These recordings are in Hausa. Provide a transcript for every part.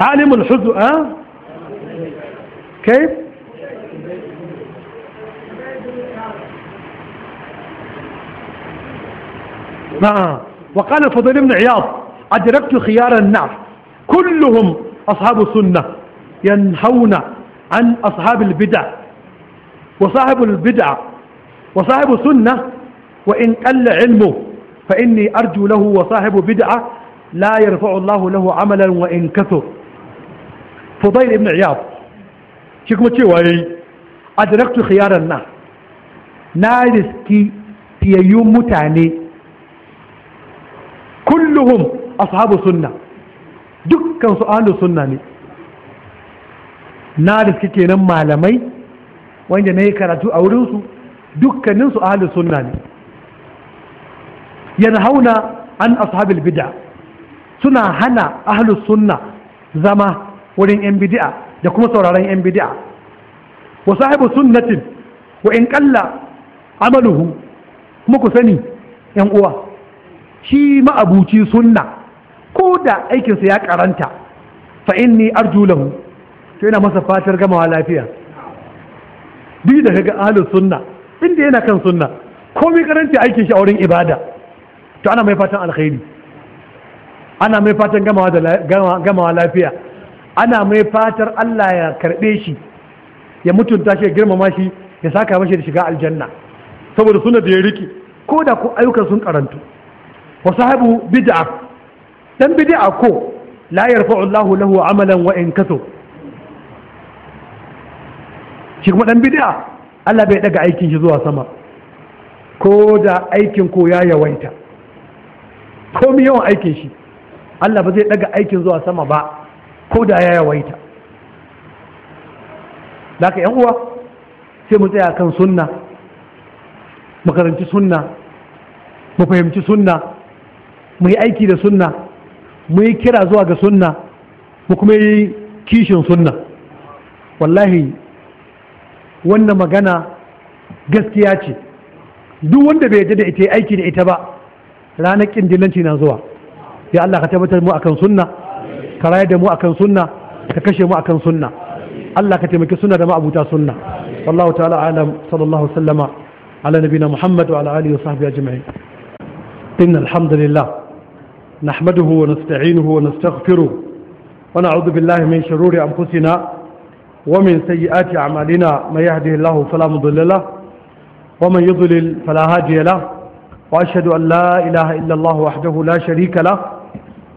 عالم الحزن ها كيف نعم وقال الفضيل بن عياض أدركت خيار الناس كلهم أصحاب السنة ينهون عن أصحاب البدع وصاحب البدع وصاحب السنة وإن قل علمه فإني أرجو له وصاحب بدعة لا يرفع الله له عملا وإن كثر fudail ibn iyad shi kuma cewa yayi adraktu khiyaran na na riski fiyayyun mutane kulluhum ashabu sunna dukkan su ahlu sunna ne na riski kenan malamai wanda na karatu a wurinsu dukkaninsu ahlu sunna ne yanhauna an ashabil bid'a suna hana ahlu sunna zama wurin yan bidi'a da kuma sauraron yan bidi'a, wa sahibu sunnatin wa in qalla amaluhu kuma ku sani yan uwa shi ma'abuci sunna ko da aikinsa ya karanta fa inni arju lahu to ina masa fatar gamawa lafiya duk da kaga ahlus sunna inda yana kan sunna komai karanta aikin shi a wurin ibada to ana mai fatan alkhairi ana mai fatan gamawa lafiya ana mai fatar Allah ya karɓe shi ya mutunta shi ya girmama shi ya saka mashi da shiga aljanna saboda suna da ya riki ko da ko ayyukan sun karantu wa sahabu bid'a dan bid'a ko la yarfa'u Allahu lahu amalan wa in kaso shi kuma dan bid'a Allah bai daga aikin shi zuwa sama ko da aikin ko ya yawaita ko mi yawan aikin shi Allah ba zai daga aikin zuwa sama ba ko da ya yawaita da ka uwa sai mu tsaya kan sunna mu karanci sunna mu fahimci sunna mu yi aiki da sunna mu yi kira zuwa ga sunna mu kuma yi kishin sunna wallahi wannan magana gaskiya ce duk wanda bai yarda da ita aiki da ita ba ranar ƙin na zuwa ya Allah ka tabbatar mu akan sunna ka rayar da mu akan sunna ka kashe mu akan sunna Allah ka taimaki sunna da ma'abuta sunna wallahu ta'ala alam sallallahu sallama ala nabina muhammad wa ala alihi wa sahbihi ajma'in inna alhamdulillah نحمده ونستعينه ونستغفره ونعوذ بالله من شرور أنفسنا ومن سيئات أعمالنا من يهده الله فلا مضل له ومن يضلل فلا هادي له وأشهد أن لا إله إلا الله وحده لا شريك له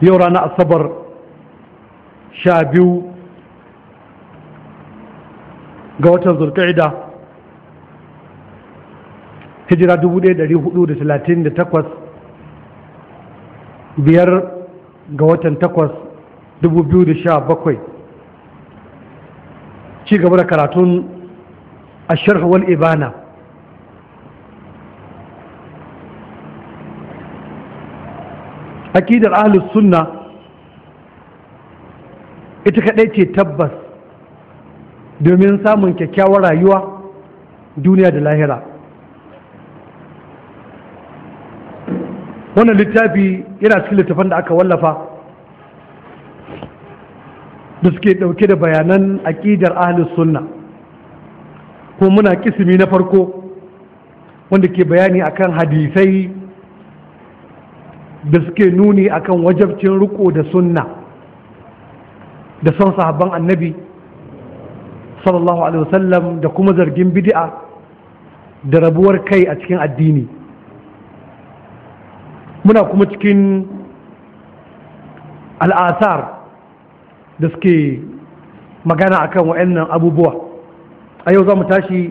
yau rana asabar sha biyu ga watan zurkaida hijira 1438 biyar ga watan takwas 2017 ci gaba da karatun a sharhawar ibana akidar ahlus sunna ita kaɗai ce tabbas domin samun kyakkyawar rayuwa duniya da lahira wannan littafi yana cikin littafan da aka wallafa da suke ɗauke da bayanan aƙidar ahlus sunna kuma muna kisimi na farko wanda ke bayani akan hadisai da suke nuni akan wajabcin riko da sunna da son sahabban annabi sallallahu alaihi wasallam da kuma zargin bid'a da rabuwar kai a cikin addini muna kuma cikin al'asar da suke magana akan wa'annan abubuwa a yau za mu tashi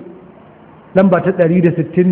lamba ta 163